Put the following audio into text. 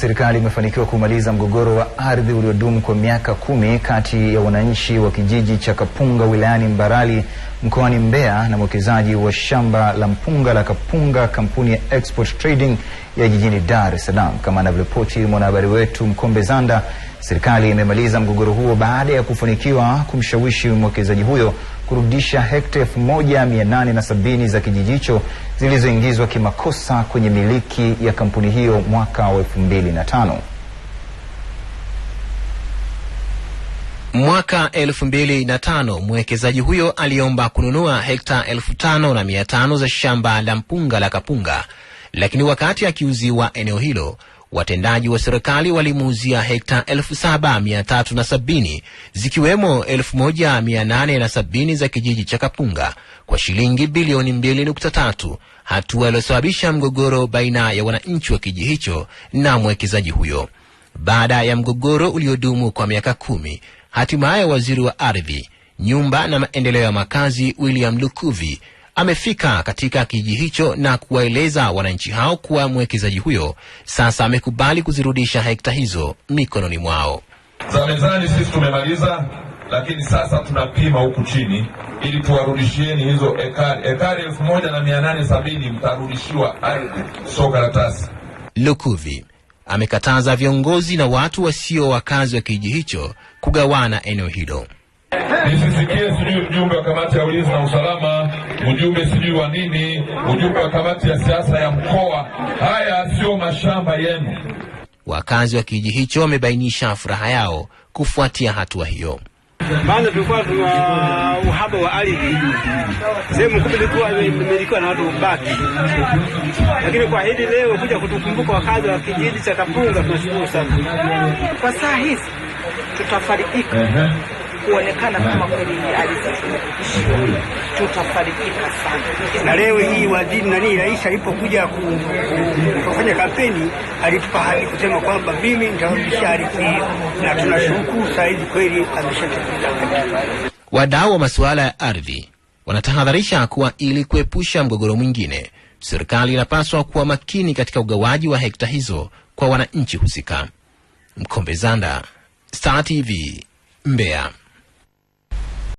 serikali imefanikiwa kumaliza mgogoro wa ardhi uliodumu kwa miaka kumi kati ya wananchi wa kijiji cha Kapunga wilayani Mbarali mkoani Mbeya na mwekezaji wa shamba la mpunga la Kapunga, kampuni ya Export Trading ya jijini Dar es Salaam. Kama anavyoripoti mwanahabari wetu Mkombe Zanda, serikali imemaliza mgogoro huo baada ya kufanikiwa kumshawishi mwekezaji huyo kurudisha hekta elfu moja mia nane na sabini za kijiji hicho zilizoingizwa kimakosa kwenye miliki ya kampuni hiyo mwaka wa elfu mbili na tano. Mwaka elfu mbili na tano mwekezaji huyo aliomba kununua hekta elfu tano na mia tano za shamba la mpunga la Kapunga, lakini wakati akiuziwa eneo hilo watendaji wa serikali walimuuzia hekta sabini zikiwemo sabini za kijiji cha Kapunga kwa shilingi bilioni tatu hatua iliyosababisha mgogoro baina ya wananchi wa kijiji hicho na mwekezaji huyo. Baada ya mgogoro uliodumu kwa miaka kumi, hatimaye waziri wa ardhi, nyumba na maendeleo ya makazi William Lukuvi amefika katika kijiji hicho na kuwaeleza wananchi hao kuwa mwekezaji huyo sasa amekubali kuzirudisha hekta hizo mikononi mwao. Za mezani sisi tumemaliza, lakini sasa tunapima huku chini ili tuwarudishieni hizo ekari ekari elfu moja na mia nane sabini mtarudishiwa ardhi, sio karatasi. Lukuvi amekataza viongozi na watu wasio wakazi wa kijiji hicho kugawana eneo hilo. Nisisikie sijui mjumbe wa kamati ya ulinzi na usalama, mjumbe sijui wa nini, mjumbe wa kamati ya siasa ya mkoa. Haya sio mashamba yenu. Wakazi wa kijiji hicho wamebainisha furaha yao kufuatia hatua hiyo. Maana tulikuwa tuna uhaba wa ardhi, sehemu kubwa ilikuwa imelikiwa na watu baki lakini kwa hili leo kuja kutukumbuka wakazi wa kijiji cha Tapunga, tunashukuru sana. Kwa saa hizi -huh kuonekana kama kweli aliziishiwa, tutafarijika sana. Na leo hii waziri nani, rais alipokuja kufanya kampeni alitupa hadi kusema kwamba mimi nitarudisha ardhi hiyo, na tunashukuru saa kweli ameshatimiza. Wadau wa masuala ya ardhi wanatahadharisha kuwa ili kuepusha mgogoro mwingine, serikali inapaswa kuwa makini katika ugawaji wa hekta hizo kwa wananchi husika. Mkombe Zanda, Star TV, Mbeya.